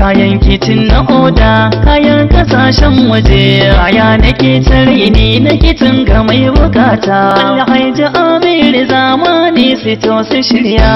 kayan kicin na oda kayan kasashen waje kaya na kitchen ne na kicin ga mai bukata alhaji amir zamani su to su shirya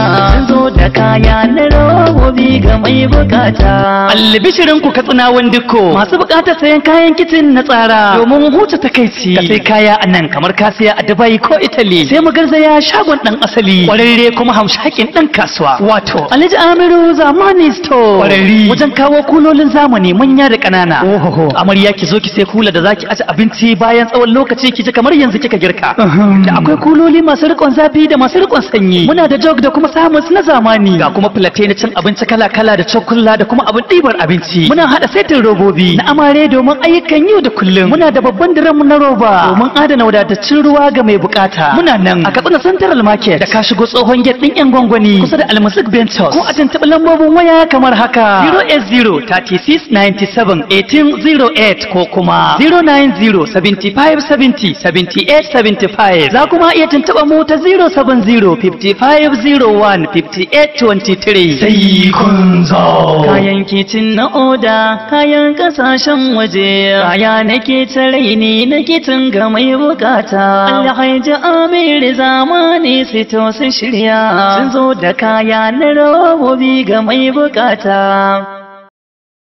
zo da kaya na robobi ga mai bukata albishirin ku katsina wandiko masu bukatar sayan kayan kicin na tsara domin huta takaici ka sai kaya a nan kamar ka siya a dubai ko italy sai mu garzaya shagon ɗan asali kwararre kuma hamshakin ɗan kasuwa wato alhaji Aminu zamani store Ƙwararri. wajen kawo kulolin zamani manya da kanana ohoho amarya ki zo ki sai kula da zaki aje abinci bayan tsawon lokaci ki ji kamar yanzu kika girka da akwai kuloli masu rikon zafi da masu rikon sanyi muna da jog da kuma samus na zamani ga kuma filate na cin abinci kala-kala da cokulla da kuma abin ɗibar abinci muna haɗa saitin robobi na amare domin ayyukan yau da kullum muna da babban mu na roba domin adana wadataccen ruwa ga mai bukata muna nan a katsina central market da ka shigo tsohon gate din yan gwangwani kusa da almasik bentos ko a tuntuɓi lambobin waya kamar haka 08036971808 ko kuma 09075707875. za kuma iya tuntuɓa mu ta 070 23 sai kun zo kayan kicin na oda kayan kasashen waje kaya nake tarai ne na kitin ga mai bukata ji amir zamani sito sun shirya sun zo da kaya na robobi ga mai bukata